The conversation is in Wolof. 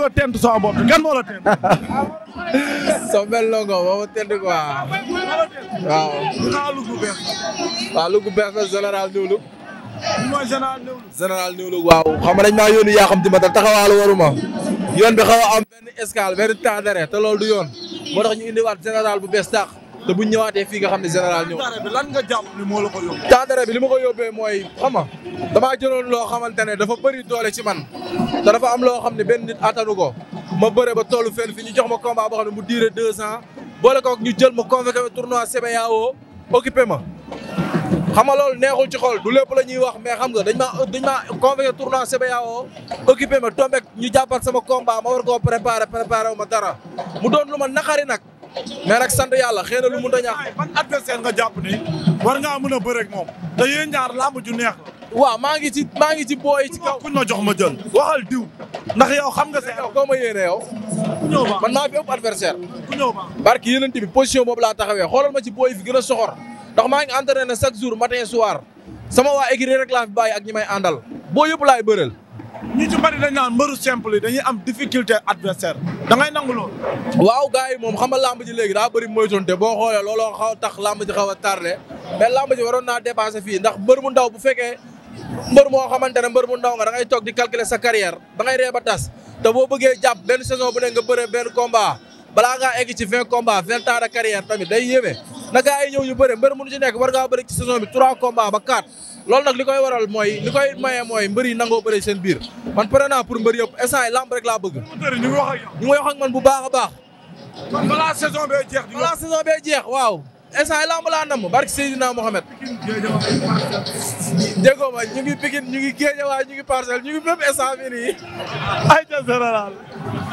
ko tent sama bopp kan moo la tent. soo mel longo moo ma tent quoi waaw. waaw Louga bees. waaw Louga bees la général Ndioulou. mooy général dañ maa yónni yaa xam te ma taxawaalu waruma. yoon bi xaw a am benn escale benn du yoon. moo tax ñu indiwaat général te bu ñu ñëwaatee fii nga xam ne général ñëw. temps bi lan nga jàpp ni moo la ko yóbbee. temps bi li ma ko yóbbee mooy xam nga damaa jëloon loo xamante ne dafa bëri doole ci man te dafa am loo xam ne benn nit attanu ko ma bëre ba tollu fenn fi ñu jox ma combat boo xam ne mu diire deux ans boole ko ñu jël ma convoqué ma tournoi oo occupé ma. xam nga loolu neexul ci xool du lépp la ñuy wax mais xam nga dañ maa dañ maa convoqué tournoi CBAO occupé ma tombé ñu jàppal sama combat ma war goo préparé préparé wu ma dara mu doon lu ma naqari nag. mais nag sant yàlla xëy na lu mënut a ñàkk. nga jàpp ni war ngaa mën a bëre ak moom te yéen ñaar làmb ju neex la. waaw maa ngi ci maa ngi ci booy ci kaw. kuñ ma jox ma jël waxal diw. ndax yow xam nga sa yow koo ma yéene yow. man maa fi ëpp adversaire. ku ñëw ba barke yeneen bi position boobu taxawee xoolal ma ci booy fi gën a soxor ndax maa ngi entraîné chaque jour matin soir sama waa écurie rek laa fi bàyyi ak ñi may àndal boo yëpp laay bëreel ñi ci bari dañ naan mbëru simple yi dañuy am difficulté adversaire da ngay nangu loolu. waaw gars yi moom xam nga làmb ji léegi daa bëri moytonte boo xoolee looloo xaw tax làmb ji xaw a tardé mais ji waroon naa dépassé fii ndax mbër mu ndaw bu fekkee mbër moo xamante ne mbër mu ndaw nga da ngay toog di calculer sa carrière da ngay ree ba tas te boo bëggee jàpp benn saison bu ne nga bëree benn combat balaa ngaa egg ci vingt combat vingt ans de carrière tamit day yéeme na gars yi ñëw ñu bëre mbër ci nekk war ngaa bëri ci saison bi trois combats ba quatre loolu nag li koy waral mooy li maye mooy mbër yi nangoo bëri seen biir man pare na pour mbër yëpp instant yi lamb rek laa bëgg ñu ngi man bu baax a baax kon balaa saison bee jeex balaa saison bee jeex waaw instant yi lamb laa namm barke Seydina Mohamed déggoo ma ñu ngi Pikine ñu ngi Guédiawaye ñu ngi Parcelles ñu ngi bépp instant bi nii ay ta général